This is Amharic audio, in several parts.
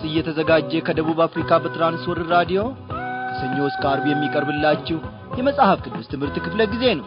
ድምፅ እየተዘጋጀ ከደቡብ አፍሪካ በትራንስወርልድ ራዲዮ ከሰኞ እስከ አርብ የሚቀርብላችሁ የመጽሐፍ ቅዱስ ትምህርት ክፍለ ጊዜ ነው።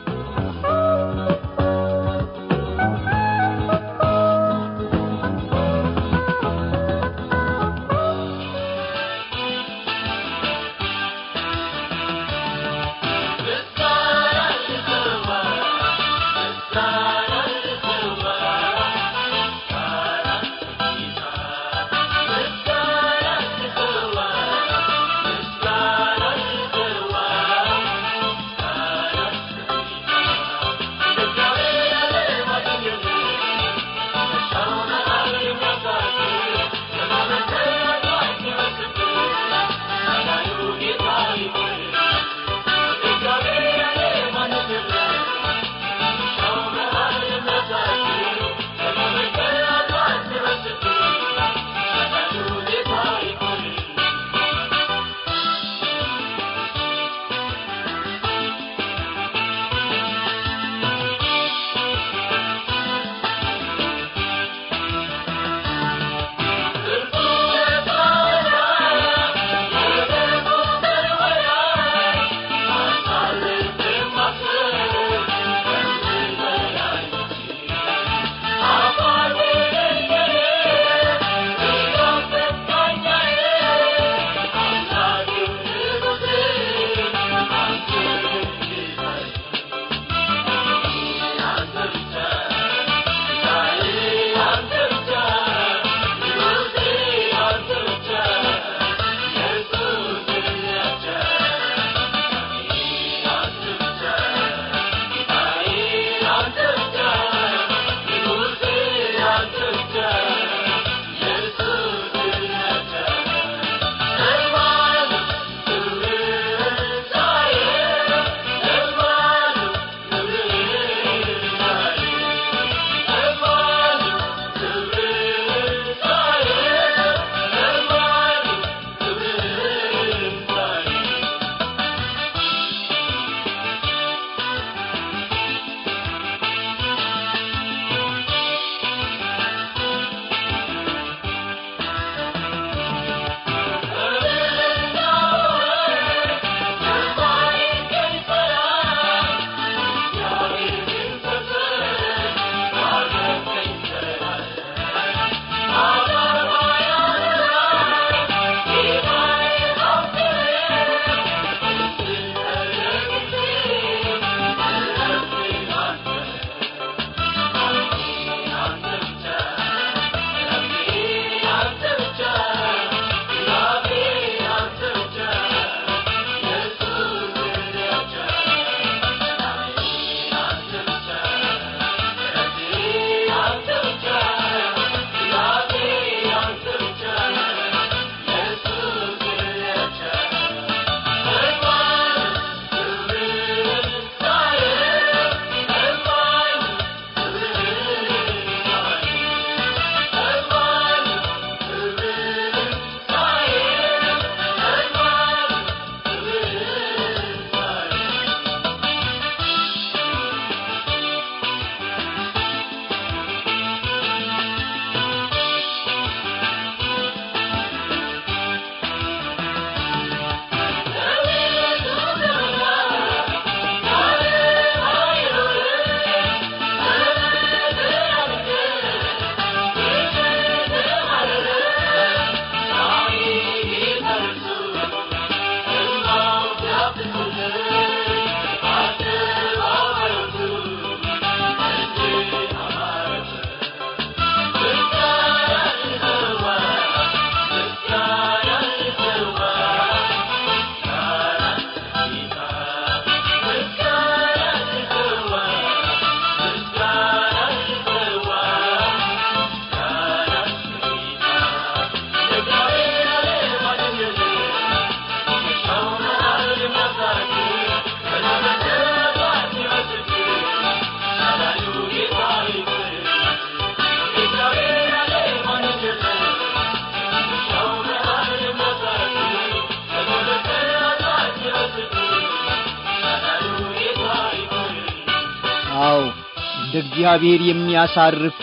እግዚአብሔር የሚያሳርፍ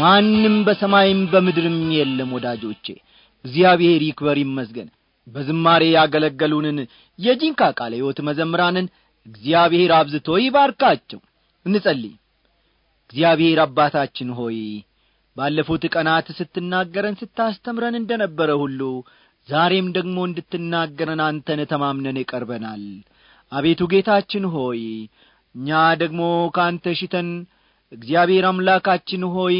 ማንም በሰማይም በምድርም የለም ወዳጆቼ እግዚአብሔር ይክበር ይመስገን በዝማሬ ያገለገሉንን የጂንካ ቃለ ሕይወት መዘምራንን እግዚአብሔር አብዝቶ ይባርካቸው እንጸልይ እግዚአብሔር አባታችን ሆይ ባለፉት ቀናት ስትናገረን ስታስተምረን እንደ ነበረ ሁሉ ዛሬም ደግሞ እንድትናገረን አንተን ተማምነን ይቀርበናል አቤቱ ጌታችን ሆይ እኛ ደግሞ ከአንተ ሽተን እግዚአብሔር አምላካችን ሆይ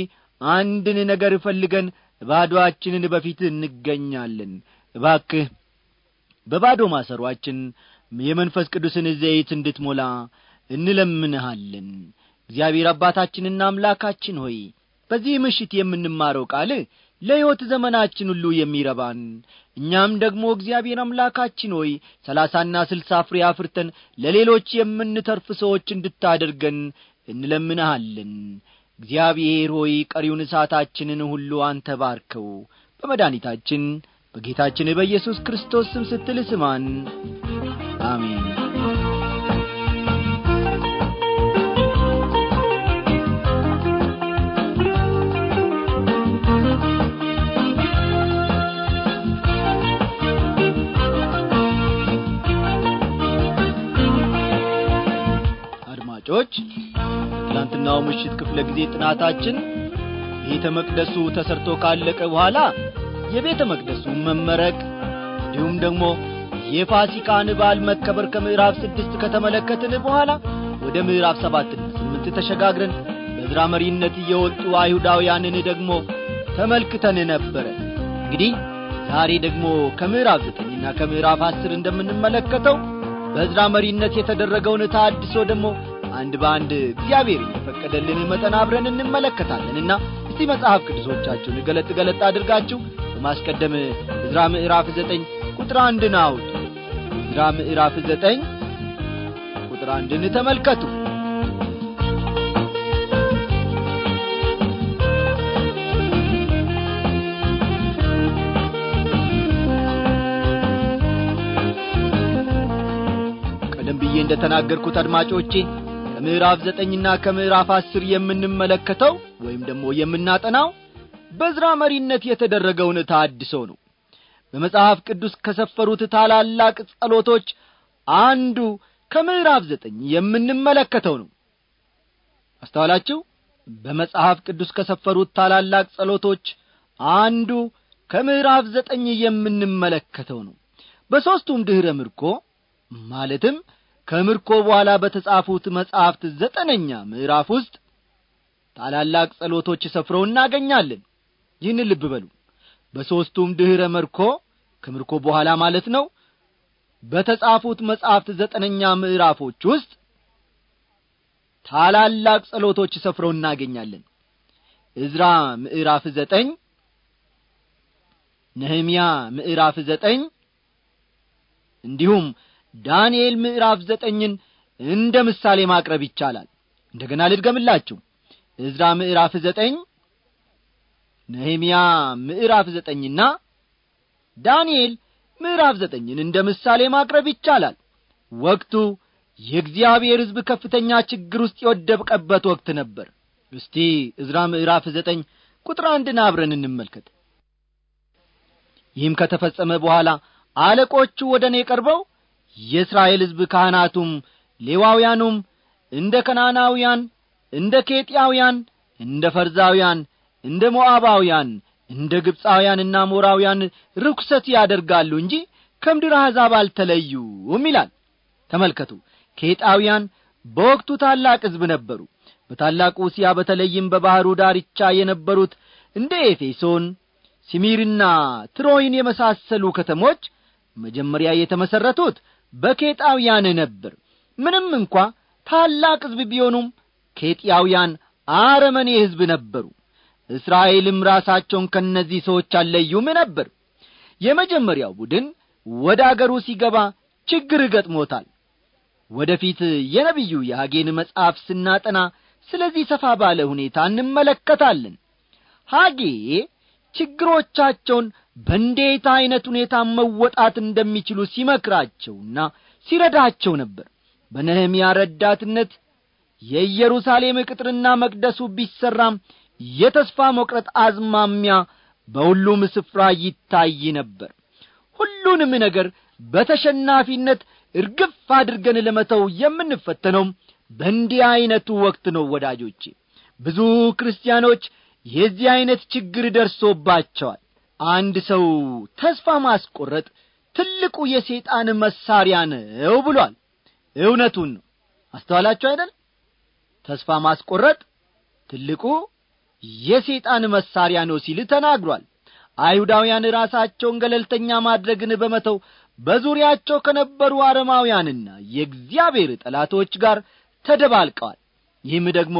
አንድን ነገር እፈልገን ባዶአችንን በፊት እንገኛለን እባክህ በባዶ ማሰሯችን የመንፈስ ቅዱስን ዘይት እንድትሞላ እንለምንሃለን እግዚአብሔር አባታችንና አምላካችን ሆይ በዚህ ምሽት የምንማረው ቃል ለሕይወት ዘመናችን ሁሉ የሚረባን እኛም ደግሞ እግዚአብሔር አምላካችን ሆይ ሰላሳና ስልሳ ፍሬ አፍርተን ለሌሎች የምንተርፍ ሰዎች እንድታደርገን እንለምንሃለን እግዚአብሔር ሆይ ቀሪውን እሳታችንን ሁሉ አንተ ባርከው በመድኃኒታችን በጌታችን በኢየሱስ ክርስቶስ ስም ስትል ስማን አሜን ክፍለ ጊዜ ጥናታችን ቤተ መቅደሱ ተሰርቶ ካለቀ በኋላ የቤተ መቅደሱ መመረቅ እንዲሁም ደግሞ የፋሲካን በዓል መከበር ከምዕራፍ ስድስት ከተመለከትን በኋላ ወደ ምዕራፍ ሰባትና ስምንት ተሸጋግረን በዝራ መሪነት እየወጡ አይሁዳውያንን ደግሞ ተመልክተን ነበረ እንግዲህ ዛሬ ደግሞ ከምዕራፍ ዘጠኝና ከምዕራፍ አስር እንደምንመለከተው በዝራ መሪነት የተደረገውን ታድሶ ደግሞ አንድ በአንድ እግዚአብሔር የፈቀደልን መጠን አብረን እንመለከታለንና እስቲ መጽሐፍ ቅዱሶቻችሁን ገለጥ ገለጥ አድርጋችሁ በማስቀደም ዕዝራ ምዕራፍ ዘጠኝ ቁጥር አንድን አውጡ ዕዝራ ምዕራፍ ዘጠኝ ቁጥር አንድን ተመልከቱ ብዬ እንደተናገርኩት አድማጮቼ ከምዕራፍ ዘጠኝና ከምዕራፍ አስር የምንመለከተው ወይም ደግሞ የምናጠናው በዝራ መሪነት የተደረገውን ታድሶ ነው በመጽሐፍ ቅዱስ ከሰፈሩት ታላላቅ ጸሎቶች አንዱ ከምዕራፍ ዘጠኝ የምንመለከተው ነው አስተዋላችሁ በመጽሐፍ ቅዱስ ከሰፈሩት ታላላቅ ጸሎቶች አንዱ ከምዕራፍ ዘጠኝ የምንመለከተው ነው በሦስቱም ድኅረ ምርኮ ማለትም ከምርኮ በኋላ በተጻፉት መጻሕፍት ዘጠነኛ ምዕራፍ ውስጥ ታላላቅ ጸሎቶች ሰፍረው እናገኛለን ይህን ልብ በሉ በሦስቱም ድኅረ መርኮ ከምርኮ በኋላ ማለት ነው በተጻፉት መጻሕፍት ዘጠነኛ ምዕራፎች ውስጥ ታላላቅ ጸሎቶች ሰፍረው እናገኛለን እዝራ ምዕራፍ ዘጠኝ ነህምያ ምዕራፍ ዘጠኝ እንዲሁም ዳንኤል ምዕራፍ ዘጠኝን እንደ ምሳሌ ማቅረብ ይቻላል እንደ ገና ልድገምላችሁ እዝራ ምዕራፍ ዘጠኝ ነህምያ ምዕራፍ ዘጠኝና ዳንኤል ምዕራፍ ዘጠኝን እንደ ምሳሌ ማቅረብ ይቻላል ወቅቱ የእግዚአብሔር ሕዝብ ከፍተኛ ችግር ውስጥ የወደብቀበት ወቅት ነበር እስቲ እዝራ ምዕራፍ ዘጠኝ ቁጥር አንድን አብረን እንመልከት ይህም ከተፈጸመ በኋላ አለቆቹ ወደ እኔ ቀርበው የእስራኤል ሕዝብ ካህናቱም ሌዋውያኑም እንደ ከናናውያን እንደ ኬጢያውያን እንደ ፈርዛውያን እንደ ሞዓባውያን እንደ ግብፃውያንና ሞራውያን ርኵሰት ያደርጋሉ እንጂ ከምድር አሕዛብ አልተለዩም ይላል ተመልከቱ ኬጣውያን በወቅቱ ታላቅ ሕዝብ ነበሩ በታላቁ እስያ በተለይም በባሕሩ ዳርቻ የነበሩት እንደ ኤፌሶን ሲሚርና ትሮይን የመሳሰሉ ከተሞች መጀመሪያ የተመሠረቱት በኬጣውያን ነበር ምንም እንኳ ታላቅ ሕዝብ ቢሆኑም ኬጥያውያን አረመኔ ሕዝብ ነበሩ እስራኤልም ራሳቸውን ከእነዚህ ሰዎች አለዩም ነበር የመጀመሪያው ቡድን ወደ አገሩ ሲገባ ችግር እገጥሞታል ወደ ፊት የነቢዩ የሐጌን መጽሐፍ ስናጠና ስለዚህ ሰፋ ባለ ሁኔታ እንመለከታለን ሐጌ ችግሮቻቸውን በእንዴት ዐይነት ሁኔታ መወጣት እንደሚችሉ ሲመክራቸውና ሲረዳቸው ነበር በነህምያ ረዳትነት የኢየሩሳሌም ቅጥርና መቅደሱ ቢሠራም የተስፋ መቁረጥ አዝማሚያ በሁሉም ስፍራ ይታይ ነበር ሁሉንም ነገር በተሸናፊነት እርግፍ አድርገን ለመተው የምንፈተነው በእንዲህ ዐይነቱ ወቅት ነው ወዳጆቼ ብዙ ክርስቲያኖች የዚህ ዐይነት ችግር ደርሶባቸዋል አንድ ሰው ተስፋ ማስቆረጥ ትልቁ የሰይጣን መሳሪያ ነው ብሏል እውነቱን ነው አስተዋላችሁ አይደል ተስፋ ማስቆረጥ ትልቁ የሰይጣን መሳሪያ ነው ሲል ተናግሯል አይሁዳውያን ራሳቸውን ገለልተኛ ማድረግን በመተው በዙሪያቸው ከነበሩ አረማውያንና የእግዚአብሔር ጠላቶች ጋር ተደባልቀዋል ይህም ደግሞ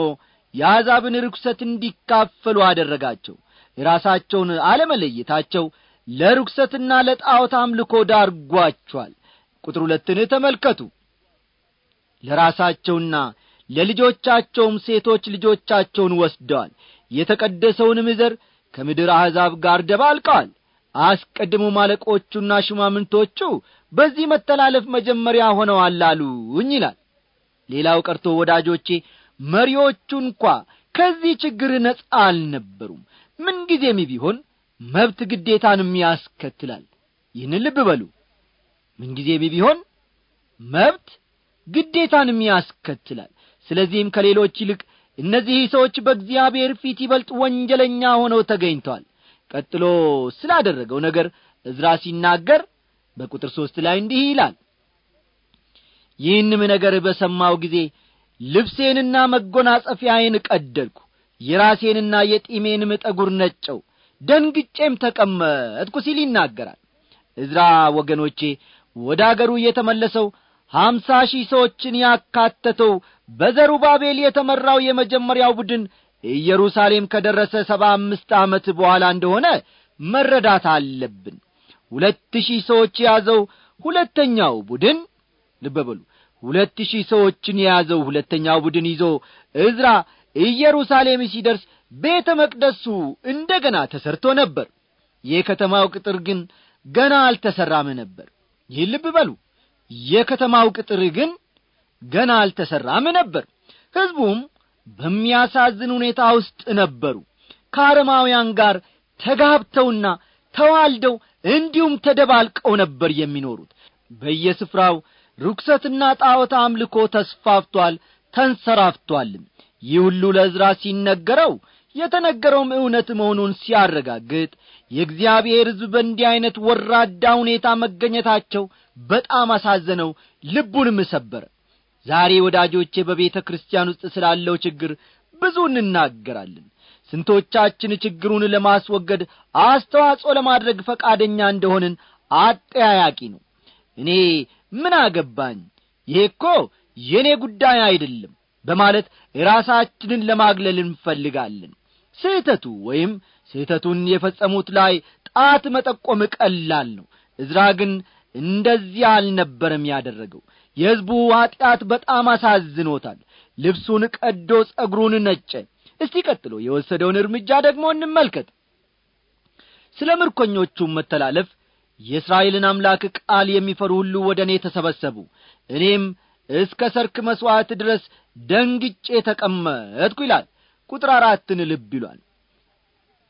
የአሕዛብን ርኩሰት እንዲካፈሉ አደረጋቸው ራሳቸውን አለመለየታቸው ለርኩሰትና ለጣዖት አምልኮ ዳርጓቸዋል ቁጥር ሁለትን ተመልከቱ ለራሳቸውና ለልጆቻቸውም ሴቶች ልጆቻቸውን ወስደዋል የተቀደሰውን ምዘር ከምድር አሕዛብ ጋር ደባልቀዋል አስቀድሞ ማለቆቹና ሽማምንቶቹ በዚህ መተላለፍ መጀመሪያ ሆነዋል አሉኝ ይላል ሌላው ቀርቶ ወዳጆቼ መሪዎቹ እንኳ ከዚህ ችግር ነጻ አልነበሩም ምንጊዜም ቢሆን መብት ግዴታንም ያስከትላል ይህን ልብ በሉ ምንጊዜም ቢሆን መብት ግዴታንም ያስከትላል ስለዚህም ከሌሎች ይልቅ እነዚህ ሰዎች በእግዚአብሔር ፊት ይበልጥ ወንጀለኛ ሆነው ተገኝተዋል ቀጥሎ ስላደረገው ነገር እዝራ ሲናገር በቁጥር ሦስት ላይ እንዲህ ይላል ይህንም ነገር በሰማው ጊዜ ልብሴንና መጎናጸፊያዬን ቀደድኩ የራሴንና የጢሜንም ጠጉር ነጨው ደንግጬም ተቀመጥኩ ሲል ይናገራል እዝራ ወገኖቼ ወደ አገሩ እየተመለሰው ሀምሳ ሺህ ሰዎችን ያካተተው በዘሩ ባቤል የተመራው የመጀመሪያው ቡድን ኢየሩሳሌም ከደረሰ ሰባ አምስት ዓመት በኋላ እንደሆነ መረዳት አለብን ሁለት ሺህ ሰዎች የያዘው ሁለተኛው ቡድን ልበበሉ ሁለት ሺህ ሰዎችን የያዘው ሁለተኛው ቡድን ይዞ እዝራ ኢየሩሳሌም ሲደርስ ቤተ መቅደሱ እንደ ገና ተሠርቶ ነበር የከተማው ቅጥር ግን ገና አልተሠራም ነበር ይህ ልብ በሉ የከተማው ቅጥር ግን ገና አልተሠራም ነበር ሕዝቡም በሚያሳዝን ሁኔታ ውስጥ ነበሩ ከአረማውያን ጋር ተጋብተውና ተዋልደው እንዲሁም ተደባልቀው ነበር የሚኖሩት በየስፍራው ርኩሰትና ጣዖት አምልኮ ተስፋፍቷል ተንሰራፍቷልም ይህ ሁሉ ለዕዝራ ሲነገረው የተነገረውም እውነት መሆኑን ሲያረጋግጥ የእግዚአብሔር ሕዝብ በእንዲህ ዐይነት ወራዳ ሁኔታ መገኘታቸው በጣም አሳዘነው ልቡንም ሰበረ ዛሬ ወዳጆቼ በቤተ ክርስቲያን ውስጥ ስላለው ችግር ብዙ እንናገራለን ስንቶቻችን ችግሩን ለማስወገድ አስተዋጽኦ ለማድረግ ፈቃደኛ እንደሆንን አጠያያቂ ነው እኔ ምን አገባኝ ይሄ እኮ የእኔ ጉዳይ አይደለም በማለት ራሳችንን ለማግለል እንፈልጋለን ስህተቱ ወይም ስህተቱን የፈጸሙት ላይ ጣት መጠቆም ቀላል ነው እዝራ ግን እንደዚያ አልነበረም ያደረገው የሕዝቡ ኀጢአት በጣም አሳዝኖታል ልብሱን ቀዶ ጸጉሩን ነጨ እስቲ ቀጥሎ የወሰደውን እርምጃ ደግሞ እንመልከት ስለ ምርኮኞቹም መተላለፍ የእስራኤልን አምላክ ቃል የሚፈሩ ሁሉ ወደ እኔ ተሰበሰቡ እኔም እስከ ሰርክ መሥዋዕት ድረስ ደንግጬ ተቀመጥኩ ይላል ቁጥር አራትን ልብ ይሏል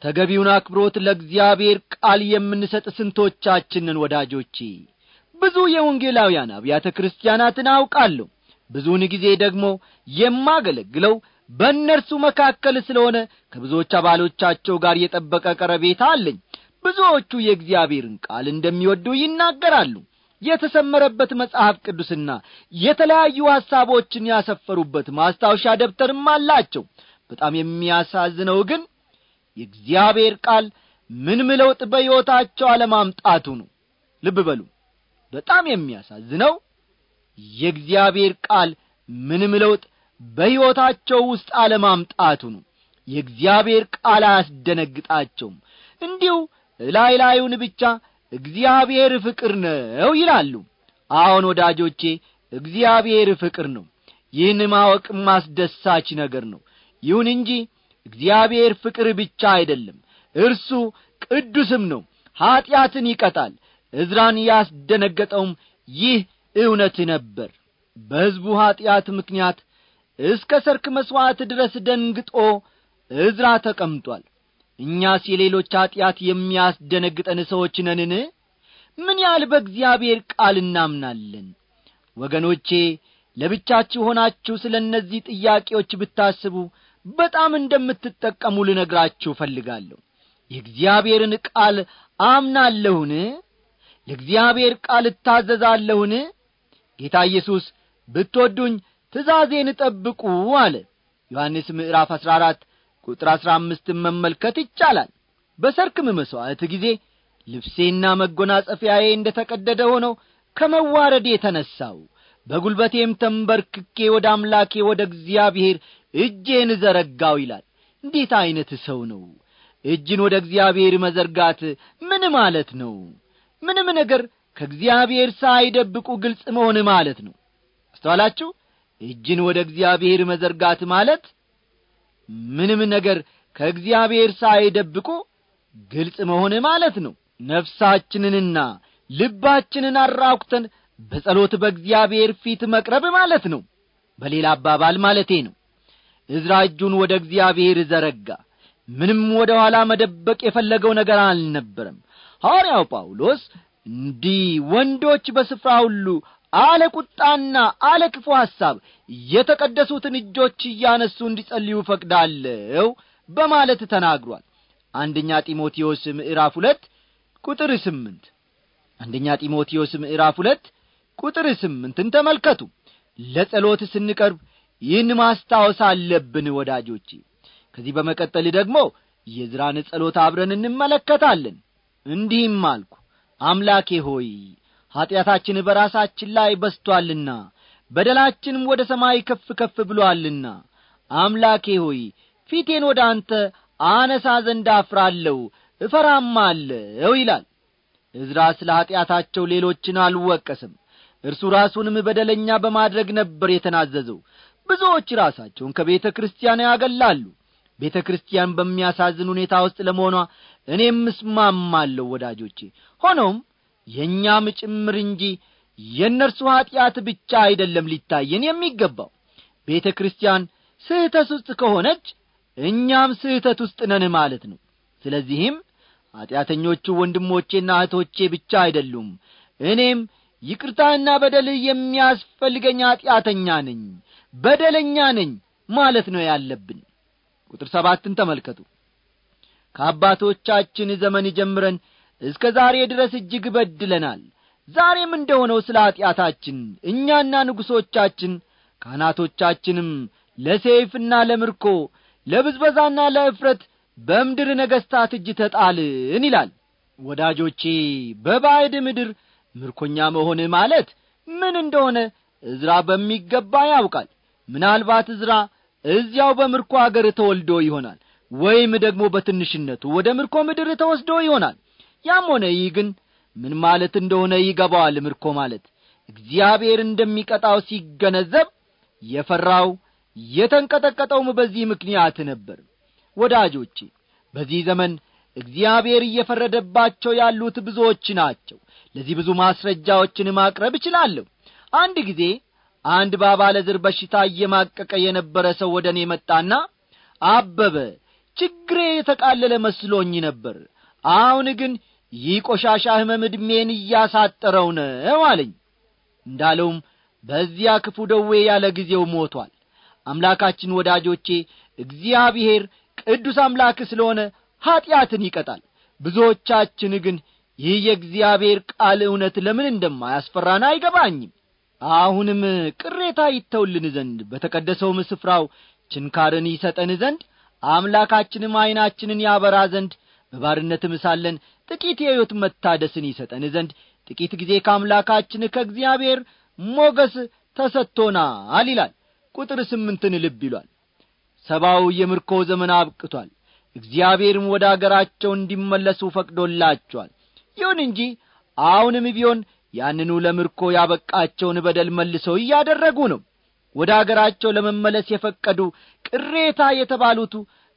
ተገቢውን አክብሮት ለእግዚአብሔር ቃል የምንሰጥ ስንቶቻችንን ወዳጆቼ ብዙ የወንጌላውያን አብያተ ክርስቲያናትን አውቃለሁ ብዙውን ጊዜ ደግሞ የማገለግለው በእነርሱ መካከል ስለሆነ ከብዙዎች አባሎቻቸው ጋር የጠበቀ ቀረቤታ አለኝ ብዙዎቹ የእግዚአብሔርን ቃል እንደሚወዱ ይናገራሉ የተሰመረበት መጽሐፍ ቅዱስና የተለያዩ ሐሳቦችን ያሰፈሩበት ማስታወሻ ደብተርም አላቸው በጣም የሚያሳዝነው ግን የእግዚአብሔር ቃል ምንም ለውጥ በሕይወታቸው አለማምጣቱ ነው ልብ በሉ በጣም የሚያሳዝነው የእግዚአብሔር ቃል ምንም ለውጥ በሕይወታቸው ውስጥ አለማምጣቱ ነው የእግዚአብሔር ቃል አያስደነግጣቸውም እንዲሁ ላይ ላዩን ብቻ እግዚአብሔር ፍቅር ነው ይላሉ አሁን ወዳጆቼ እግዚአብሔር ፍቅር ነው ይህን ማወቅ ማስደሳች ነገር ነው ይሁን እንጂ እግዚአብሔር ፍቅር ብቻ አይደለም እርሱ ቅዱስም ነው ኀጢአትን ይቀጣል እዝራን ያስደነገጠውም ይህ እውነት ነበር በሕዝቡ ኀጢአት ምክንያት እስከ ሰርክ መሥዋዕት ድረስ ደንግጦ እዝራ ተቀምጧል እኛስ የሌሎች ኀጢአት የሚያስደነግጠን ሰዎች ነንን ምን ያህል በእግዚአብሔር ቃል እናምናለን ወገኖቼ ለብቻችሁ ሆናችሁ ስለ እነዚህ ጥያቄዎች ብታስቡ በጣም እንደምትጠቀሙ ልነግራችሁ እፈልጋለሁ የእግዚአብሔርን ቃል አምናለሁን ለእግዚአብሔር ቃል እታዘዛለሁን ጌታ ኢየሱስ ብትወዱኝ ትእዛዜን ጠብቁ አለ ዮሐንስ ምዕራፍ አሥራ አራት ቁጥር አሥራ አምስትን መመልከት ይቻላል በሰርክም መሥዋዕት ጊዜ ልብሴና መጐናጸፊያዬ እንደ ተቀደደ ሆነው ከመዋረድ የተነሣው በጒልበቴም ተንበርክኬ ወደ አምላኬ ወደ እግዚአብሔር እጄን ዘረጋው ይላል እንዴት ዐይነት ሰው ነው እጅን ወደ እግዚአብሔር መዘርጋት ምን ማለት ነው ምንም ነገር ከእግዚአብሔር ሳይደብቁ ግልጽ መሆን ማለት ነው አስተዋላችሁ እጅን ወደ እግዚአብሔር መዘርጋት ማለት ምንም ነገር ከእግዚአብሔር ሳይደብቆ ግልጽ መሆን ማለት ነው ነፍሳችንንና ልባችንን አራኩተን በጸሎት በእግዚአብሔር ፊት መቅረብ ማለት ነው በሌላ አባባል ማለቴ ነው እዝራ እጁን ወደ እግዚአብሔር ዘረጋ ምንም ወደ ኋላ መደበቅ የፈለገው ነገር አልነበረም ሐዋርያው ጳውሎስ እንዲህ ወንዶች በስፍራ ሁሉ አለ ቁጣና አለ ክፉ ሐሳብ የተቀደሱትን እጆች እያነሱ እንዲጸልዩ ፈቅዳለው በማለት ተናግሯል አንደኛ ጢሞቴዎስ ምዕራፍ ሁለት ቁጥር ስምንት አንደኛ ጢሞቴዎስ ምዕራፍ ሁለት ቁጥር ስምንትን ተመልከቱ ለጸሎት ስንቀርብ ይህን ማስታወስ አለብን ወዳጆቼ ከዚህ በመቀጠል ደግሞ የዝራን ጸሎት አብረን እንመለከታለን እንዲህም አልኩ አምላኬ ሆይ ኀጢአታችን በራሳችን ላይ በስቶአልና በደላችንም ወደ ሰማይ ከፍ ከፍ ብሎአልና አምላኬ ሆይ ፊቴን ወደ አንተ አነሳ ዘንድ አፍራለሁ እፈራማለሁ ይላል ዕዝራ ስለ ኀጢአታቸው ሌሎችን አልወቀስም እርሱ ራሱንም በደለኛ በማድረግ ነበር የተናዘዘው ብዙዎች ራሳቸውን ከቤተ ክርስቲያን ያገላሉ ቤተ ክርስቲያን በሚያሳዝን ሁኔታ ውስጥ ለመሆኗ እኔም እስማማለሁ ወዳጆቼ ሆኖም የእኛም ጭምር እንጂ የእነርሱ ኀጢአት ብቻ አይደለም ሊታየን የሚገባው ቤተ ክርስቲያን ስህተት ውስጥ ከሆነች እኛም ስህተት ውስጥ ነን ማለት ነው ስለዚህም ኀጢአተኞቹ ወንድሞቼና እህቶቼ ብቻ አይደሉም እኔም ይቅርታና በደልህ የሚያስፈልገኝ ኀጢአተኛ ነኝ በደለኛ ነኝ ማለት ነው ያለብን ቁጥር ሰባትን ተመልከቱ ከአባቶቻችን ዘመን ጀምረን እስከ ዛሬ ድረስ እጅግ በድለናል ዛሬም እንደሆነው ስለ ኀጢአታችን እኛና ንጉሶቻችን ካህናቶቻችንም ለሰይፍና ለምርኮ ለብዝበዛና ለእፍረት በምድር ነገሥታት እጅ ተጣልን ይላል ወዳጆቼ በባዕድ ምድር ምርኮኛ መሆን ማለት ምን እንደሆነ እዝራ በሚገባ ያውቃል ምናልባት እዝራ እዚያው በምርኮ አገር ተወልዶ ይሆናል ወይም ደግሞ በትንሽነቱ ወደ ምርኮ ምድር ተወስዶ ይሆናል ያም ሆነ ይህ ግን ምን ማለት እንደሆነ ይገባዋል ምርኮ ማለት እግዚአብሔር እንደሚቀጣው ሲገነዘብ የፈራው የተንቀጠቀጠውም በዚህ ምክንያት ነበር ወዳጆቼ በዚህ ዘመን እግዚአብሔር እየፈረደባቸው ያሉት ብዙዎች ናቸው ለዚህ ብዙ ማስረጃዎችን ማቅረብ እችላለሁ አንድ ጊዜ አንድ ባባለ ዝር በሽታ እየማቀቀ የነበረ ሰው ወደ እኔ መጣና አበበ ችግሬ የተቃለለ መስሎኝ ነበር አሁን ግን ይህ ቆሻሻ ህመም ዕድሜን እያሳጠረው ነው አለኝ እንዳለውም በዚያ ክፉ ደዌ ያለ ጊዜው ሞቷል አምላካችን ወዳጆቼ እግዚአብሔር ቅዱስ አምላክ ስለሆነ ኀጢአትን ይቀጣል ብዙዎቻችን ግን ይህ የእግዚአብሔር ቃል እውነት ለምን እንደማያስፈራን አይገባኝም አሁንም ቅሬታ ይተውልን ዘንድ በተቀደሰውም ስፍራው ችንካርን ይሰጠን ዘንድ አምላካችንም ዐይናችንን ያበራ ዘንድ በባርነትም ሳለን ጥቂት የሕይወት መታደስን ይሰጠን ዘንድ ጥቂት ጊዜ ከአምላካችን ከእግዚአብሔር ሞገስ ተሰጥቶናል ይላል ቁጥር ስምንትን ልብ ይሏል ሰባው የምርኮ ዘመን አብቅቷል እግዚአብሔርም ወደ አገራቸው እንዲመለሱ ፈቅዶላቸዋል ይሁን እንጂ አሁንም ቢሆን ያንኑ ለምርኮ ያበቃቸውን በደል መልሰው እያደረጉ ነው ወደ አገራቸው ለመመለስ የፈቀዱ ቅሬታ የተባሉቱ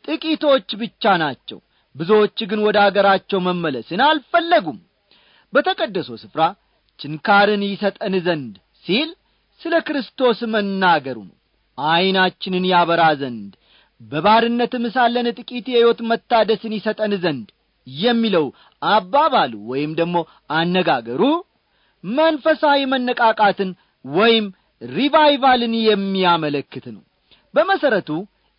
ጥቂቶች ብቻ ናቸው ብዙዎች ግን ወደ አገራቸው መመለስን አልፈለጉም በተቀደሰው ስፍራ ችንካርን ይሰጠን ዘንድ ሲል ስለ ክርስቶስ መናገሩ ነው ዐይናችንን ያበራ ዘንድ በባርነት ምሳለን ጥቂት የሕይወት መታደስን ይሰጠን ዘንድ የሚለው አባባሉ ወይም ደግሞ አነጋገሩ መንፈሳዊ መነቃቃትን ወይም ሪቫይቫልን የሚያመለክት ነው በመሠረቱ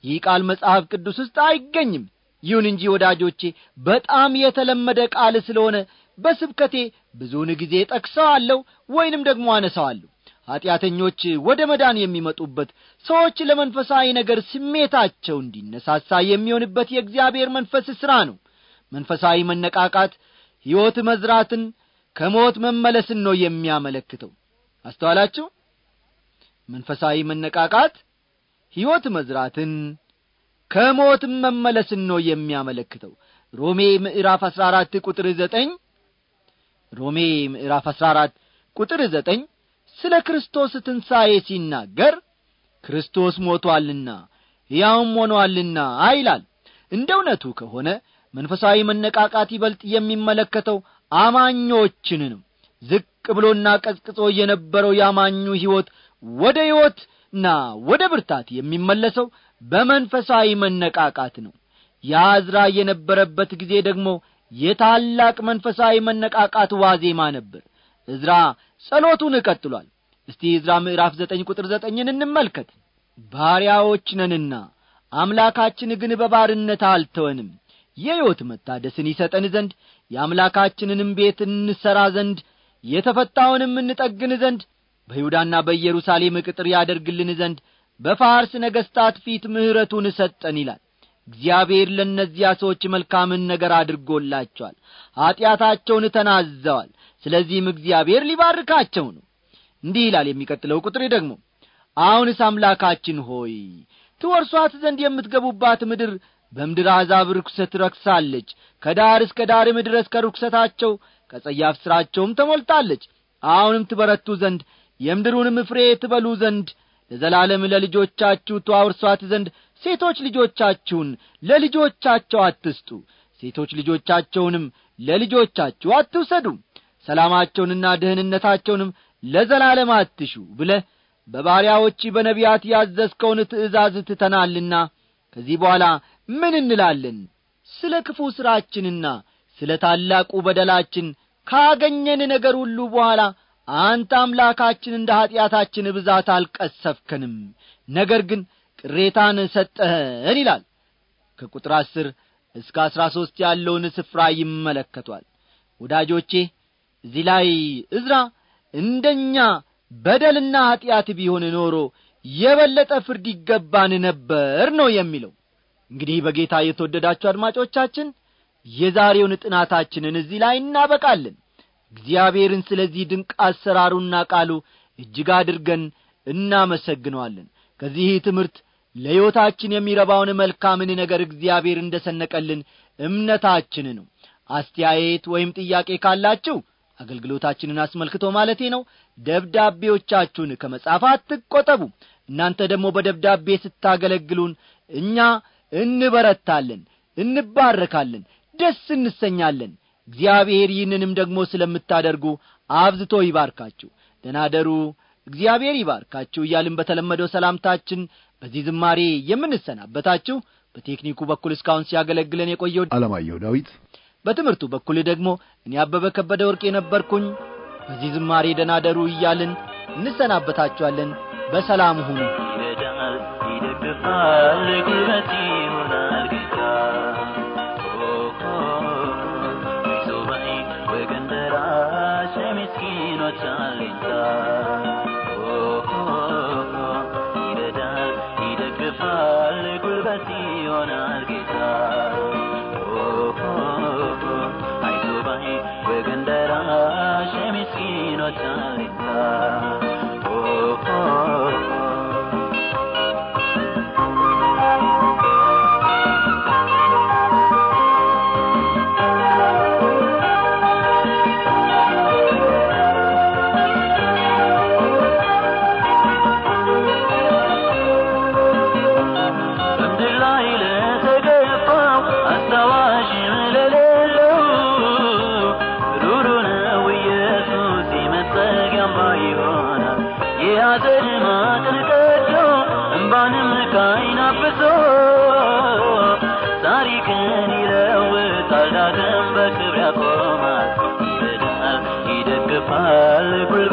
ይህ ቃል መጽሐፍ ቅዱስ ውስጥ አይገኝም ይሁን እንጂ ወዳጆቼ በጣም የተለመደ ቃል ስለሆነ በስብከቴ ብዙውን ጊዜ ጠቅሰዋለሁ ወይንም ደግሞ አነሳዋለሁ ኀጢአተኞች ወደ መዳን የሚመጡበት ሰዎች ለመንፈሳዊ ነገር ስሜታቸው እንዲነሳሳ የሚሆንበት የእግዚአብሔር መንፈስ ሥራ ነው መንፈሳዊ መነቃቃት ሕይወት መዝራትን ከሞት መመለስን ነው የሚያመለክተው አስተዋላችሁ መንፈሳዊ መነቃቃት ሕይወት መዝራትን ከሞት መመለስ ነው የሚያመለክተው ሮሜ ምዕራፍ 14 ቁጥር 9 ሮሜ ምዕራፍ 14 ቁጥር 9 ስለ ክርስቶስ ትንሣኤ ሲናገር ክርስቶስ ሞቷልና ያውም ሞኗልና አይላል እንደ እውነቱ ከሆነ መንፈሳዊ መነቃቃት ይበልጥ የሚመለከተው አማኞችን ነው ዝቅ ብሎና ቀዝቅጾ የነበረው የአማኙ ሕይወት ወደ ሕይወትና ወደ ብርታት የሚመለሰው በመንፈሳዊ መነቃቃት ነው ያዝራ የነበረበት ጊዜ ደግሞ የታላቅ መንፈሳዊ መነቃቃት ዋዜማ ነበር እዝራ ጸሎቱን እቀጥሏል እስቲ እዝራ ምዕራፍ ዘጠኝ ቁጥር ዘጠኝን እንመልከት ባሪያዎች ነንና አምላካችን ግን በባርነት አልተወንም የሕይወት መታደስን ይሰጠን ዘንድ የአምላካችንንም ቤት እንሠራ ዘንድ የተፈታውንም እንጠግን ዘንድ በይሁዳና በኢየሩሳሌም ቅጥር ያደርግልን ዘንድ በፋርስ ነገሥታት ፊት ምሕረቱን ሰጠን ይላል እግዚአብሔር ለእነዚያ ሰዎች መልካምን ነገር አድርጎላቸዋል ኀጢአታቸውን ተናዘዋል ስለዚህም እግዚአብሔር ሊባርካቸው ነው እንዲህ ይላል የሚቀጥለው ቁጥሬ ደግሞ አሁንስ አምላካችን ሆይ ትወርሷት ዘንድ የምትገቡባት ምድር በምድር አዛብ ርኩሰት ረክሳለች ከዳር እስከ ምድር እስከ ከርኩሰታቸው ከጸያፍ ሥራቸውም ተሞልታለች አሁንም ትበረቱ ዘንድ የምድሩንም ፍሬ ትበሉ ዘንድ ለዘላለም ለልጆቻችሁ ተዋርሷት ዘንድ ሴቶች ልጆቻችሁን ለልጆቻቸው አትስጡ ሴቶች ልጆቻቸውንም ለልጆቻችሁ አትውሰዱ ሰላማቸውንና ደህንነታቸውንም ለዘላለም አትሹ ብለ በባሪያዎች በነቢያት ያዘዝከውን ትእዛዝ ትተናልና ከዚህ በኋላ ምን እንላለን ስለ ክፉ ሥራችንና ስለ ታላቁ በደላችን ካገኘን ነገር ሁሉ በኋላ አንተ አምላካችን እንደ ኀጢአታችን ብዛት አልቀሰፍከንም ነገር ግን ቅሬታን ሰጠህን ይላል ከቁጥር አስር እስከ አሥራ ሦስት ያለውን ስፍራ ይመለከቷል ወዳጆቼ እዚህ ላይ እዝራ እንደኛ በደልና ኀጢአት ቢሆን ኖሮ የበለጠ ፍርድ ይገባን ነበር ነው የሚለው እንግዲህ በጌታ የተወደዳችሁ አድማጮቻችን የዛሬውን ጥናታችንን እዚህ ላይ እናበቃለን እግዚአብሔርን ስለዚህ ድንቅ አሰራሩና ቃሉ እጅግ አድርገን እናመሰግነዋለን ከዚህ ትምህርት ለሕይወታችን የሚረባውን መልካምን ነገር እግዚአብሔር እንደ ሰነቀልን እምነታችን ነው አስተያየት ወይም ጥያቄ ካላችሁ አገልግሎታችንን አስመልክቶ ማለቴ ነው ደብዳቤዎቻችሁን ከመጻፍ አትቆጠቡ እናንተ ደግሞ በደብዳቤ ስታገለግሉን እኛ እንበረታለን እንባረካለን ደስ እንሰኛለን እግዚአብሔር ይህንንም ደግሞ ስለምታደርጉ አብዝቶ ይባርካችሁ ደናደሩ እግዚአብሔር ይባርካችሁ እያልን በተለመደው ሰላምታችን በዚህ ዝማሬ የምንሰናበታችሁ በቴክኒኩ በኩል እስካሁን ሲያገለግለን የቆየው አለማየሁ ዳዊት በትምህርቱ በኩል ደግሞ እኔ አበበ ከበደ ወርቅ የነበርኩኝ በዚህ ዝማሬ ደናደሩ እያልን እንሰናበታችኋለን በሰላም ሁኑ ይደግፋል ግበቲ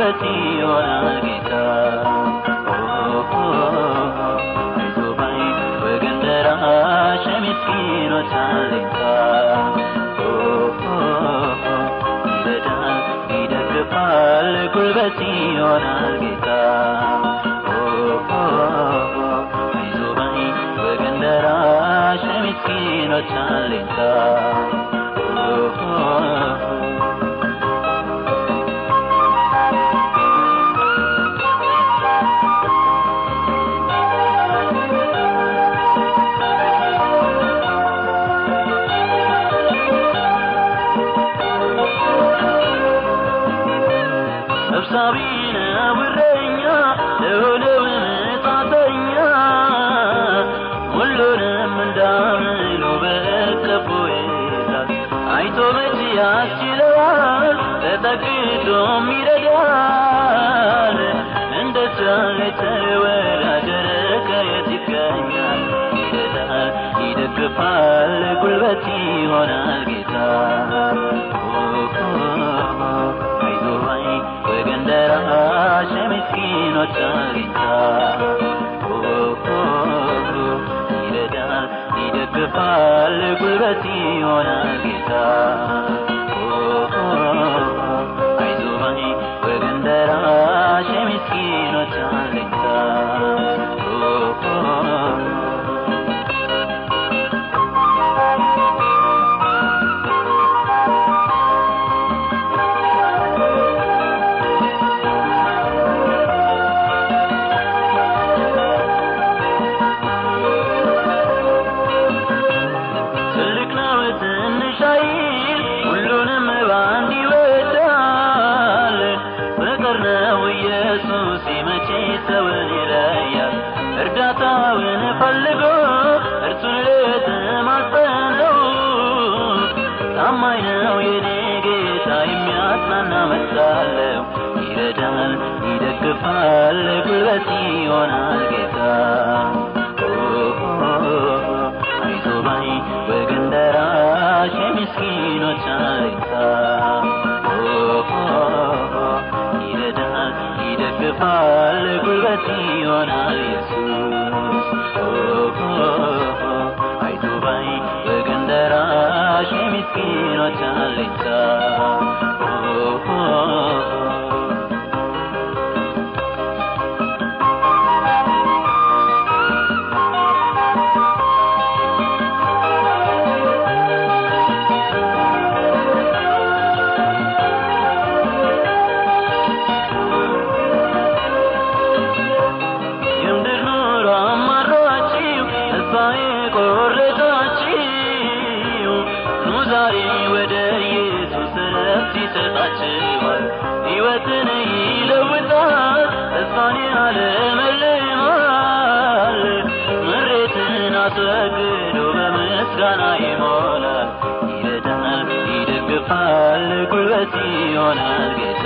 በጽዮን ጌታ ዱባይ በግን ደራሽ ምስኪኖች አለኝታ ይረዳል ይደግፋል ጉልበት ይሆናል ጌታ አይዞ በግን ደራሽ ምስኪኖች አለኝታ ኪሎ ጫካ ይረዳል፣ ይደግፋል፣ ጉልበት ይሆናል ኢየሱስ አይቶ ባይ በገንደራሽ የምስኪኖች አለኝታ አመስግኖ በምስጋና ይሞላል። ይረዳል፣ ይደግፋል፣ ጉልበት ይሆናል ጌታ